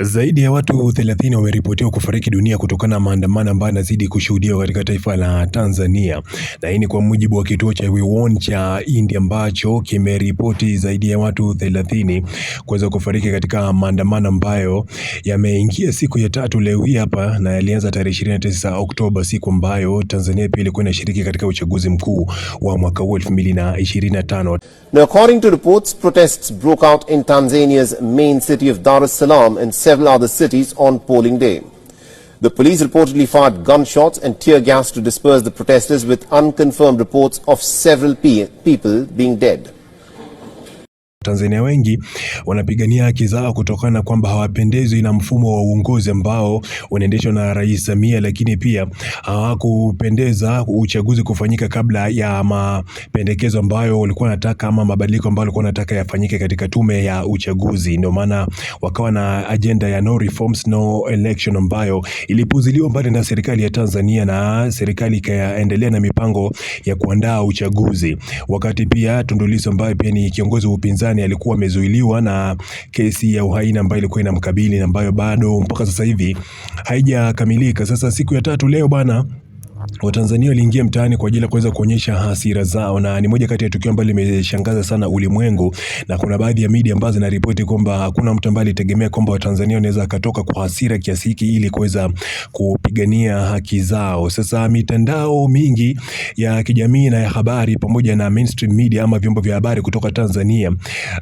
Zaidi ya watu 30 wameripotiwa kufariki dunia kutokana na maandamano ambayo yanazidi kushuhudiwa katika taifa la Tanzania, na hii ni kwa mujibu wa kituo cha WeWon cha India ambacho kimeripoti zaidi ya watu 30 kuweza kufariki katika maandamano ambayo yameingia siku ya tatu leo hii hapa, na yalianza tarehe 29 Oktoba, siku ambayo Tanzania pia ilikuwa inashiriki katika uchaguzi mkuu wa mwaka huu 2025. Now according to reports protests broke out in Tanzania's main city of Dar es Salaam and Several other cities on polling day. The police reportedly fired gunshots and tear gas to disperse the protesters with unconfirmed reports of several pe people being dead. Tanzania wengi wanapigania haki zao kutokana kwamba hawapendezwi na mfumo wa uongozi ambao unaendeshwa na Rais Samia, lakini pia hawakupendeza uchaguzi kufanyika kabla ya mapendekezo ambayo walikuwa wanataka ama mabadiliko ambayo walikuwa wanataka yafanyike katika tume ya uchaguzi. Ndio maana wakawa na ajenda ya no reforms no election ambayo ilipuziliwa mbali na serikali ya Tanzania na serikali ikaendelea na mipango ya kuandaa uchaguzi, wakati pia Tundu Lissu ambaye pia ni kiongozi wa upinzani gani alikuwa amezuiliwa na kesi ya uhaini ambayo ilikuwa inamkabili na ambayo bado mpaka sasa hivi haijakamilika. Sasa siku ya tatu leo bana Watanzania waliingia mtaani kwa ajili ya kuweza kuonyesha hasira zao, na ni moja kati ya tukio ambalo limeshangaza sana ulimwengu, na kuna baadhi ya media ambazo zinaripoti kwamba hakuna mtu ambaye alitegemea kwamba Watanzania wanaweza akatoka kwa hasira kiasi hiki ili kuweza ku kupigania haki zao. Sasa mitandao mingi ya kijamii na ya habari pamoja na mainstream media ama vyombo vya habari kutoka Tanzania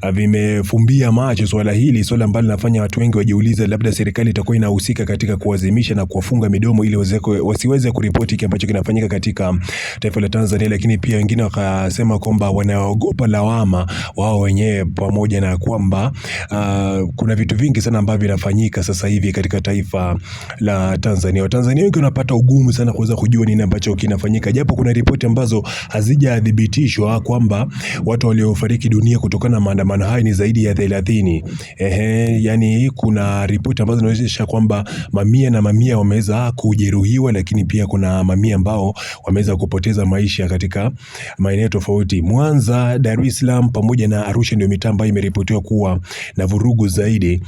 ah, vimefumbia macho swala hili, swala ambalo linafanya watu wengi wajiulize, labda serikali itakuwa inahusika katika kuwazimisha na kuwafunga midomo ili wasiweze kuripoti kile ambacho kinafanyika katika taifa la Tanzania. Lakini pia wengine wakasema kwamba wanaogopa lawama wao wenyewe, pamoja na kwamba uh, kuna vitu vingi sana ambavyo vinafanyika sasa hivi katika taifa la Tanzania. Watanzania wengi wanapata ugumu sana kuweza kujua nini ambacho kinafanyika, japo kuna ripoti ambazo hazijathibitishwa kwamba watu waliofariki dunia kutokana na maandamano hayo ni zaidi ya 30. Ehe, yani kuna ripoti ambazo zinaonyesha kwamba mamia na mamia wameweza kujeruhiwa, lakini pia kuna mamia ambao wameweza kupoteza maisha katika maeneo tofauti. Mwanza, Dar es Salaam pamoja na Arusha ndio mitaa ambayo imeripotiwa kuwa na vurugu zaidi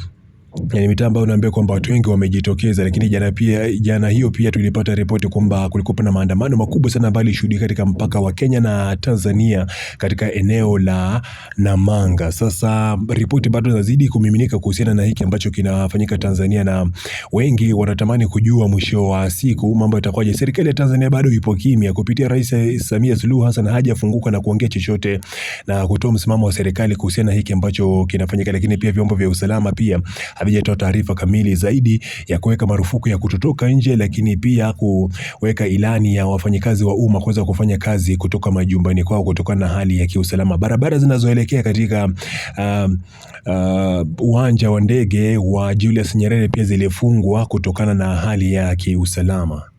ni yaani mitaa ambayo naambia kwamba watu wengi wamejitokeza, lakini jana pia jana hiyo pia tulipata ripoti kwamba kulikuwa na maandamano makubwa sana ambayo ilishuhudia katika mpaka wa Kenya na Tanzania katika eneo la Namanga. Sasa ripoti bado zinazidi kumiminika kuhusiana na hiki ambacho kinafanyika Tanzania, na wengi wanatamani kujua mwisho wa siku mambo yatakwaje. Serikali ya Tanzania bado ipo kimya, kupitia Rais Samia Suluhu Hassan hajafunguka na kuongea chochote na kutoa msimamo wa serikali kuhusiana na hiki ambacho kinafanyika, lakini pia vyombo vya usalama pia havijatoa taarifa kamili zaidi ya kuweka marufuku ya kutotoka nje, lakini pia kuweka ilani ya wafanyakazi wa umma kuweza kufanya kazi kutoka majumbani kwao kutokana na hali ya kiusalama. Barabara zinazoelekea katika uh, uh, uwanja wa ndege wa Julius Nyerere pia zilifungwa kutokana na hali ya kiusalama.